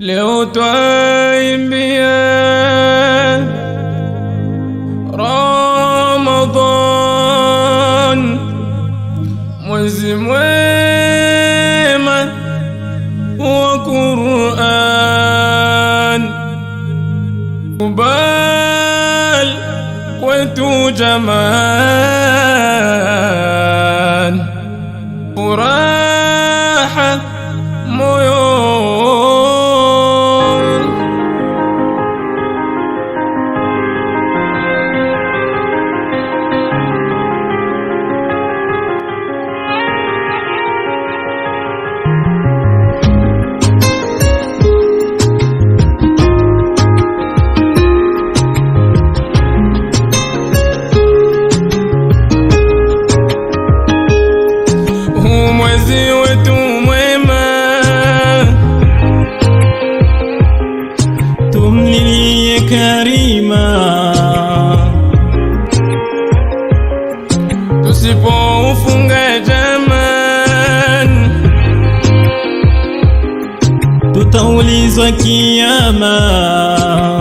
لو تعاين بيا رمضان وزمامة وقرآن وبال جمال وراحة مي mpenzi wetu mwema, tumlilie Karima, tusipoufunga jaman tutaulizwa Kiyama.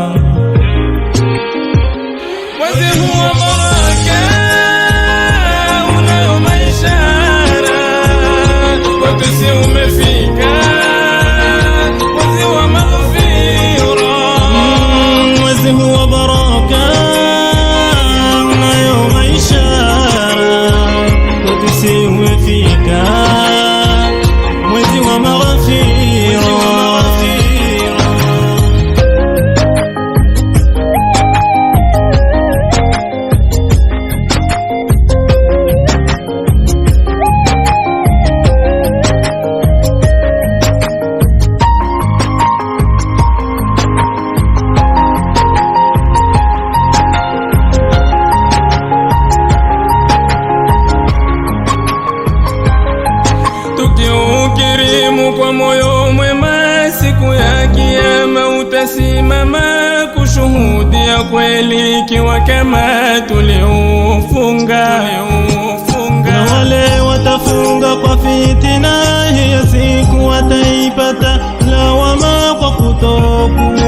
tumesimama kushuhudia kweli ikiwa kama tuliufunga na wale watafunga kwa fitina hiyo siku wataipata lawama kwa kutoku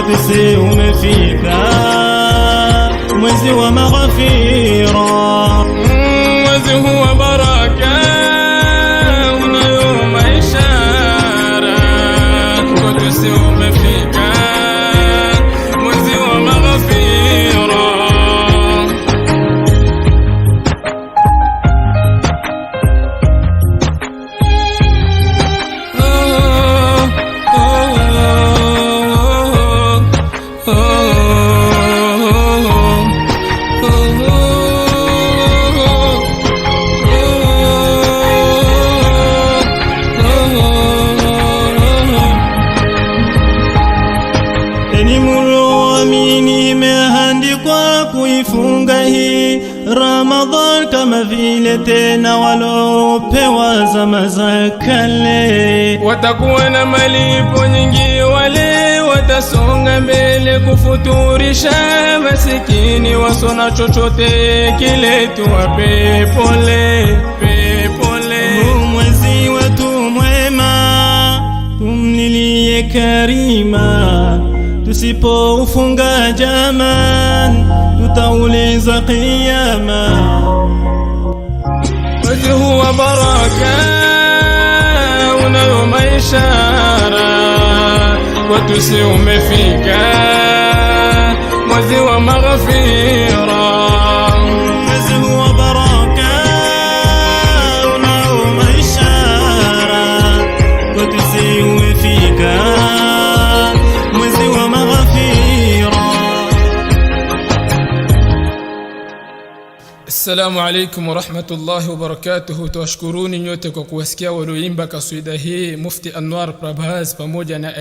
القدس umefika mwezi wa maghfira Eni muloamini, imeandikwa kuifunga hii Ramadhan kama vile tena walopewa zama za kale, watakuwa na malipo nyingi wale watasonga mbele kufuturisha masikini wasona chochote kile, tuwape pole pole. Mwezi wetu mwema tumlilie karima Tusipoufunga jaman tutauliza kiyama. Mwezi huwa baraka, unayo maishara, watu si umefika السلام عليكم ورحمة الله وبركاته تشكروني نيوتك وكوسكيا ولو ينبك سويدهي مفتي أنوار برابهاز بموجة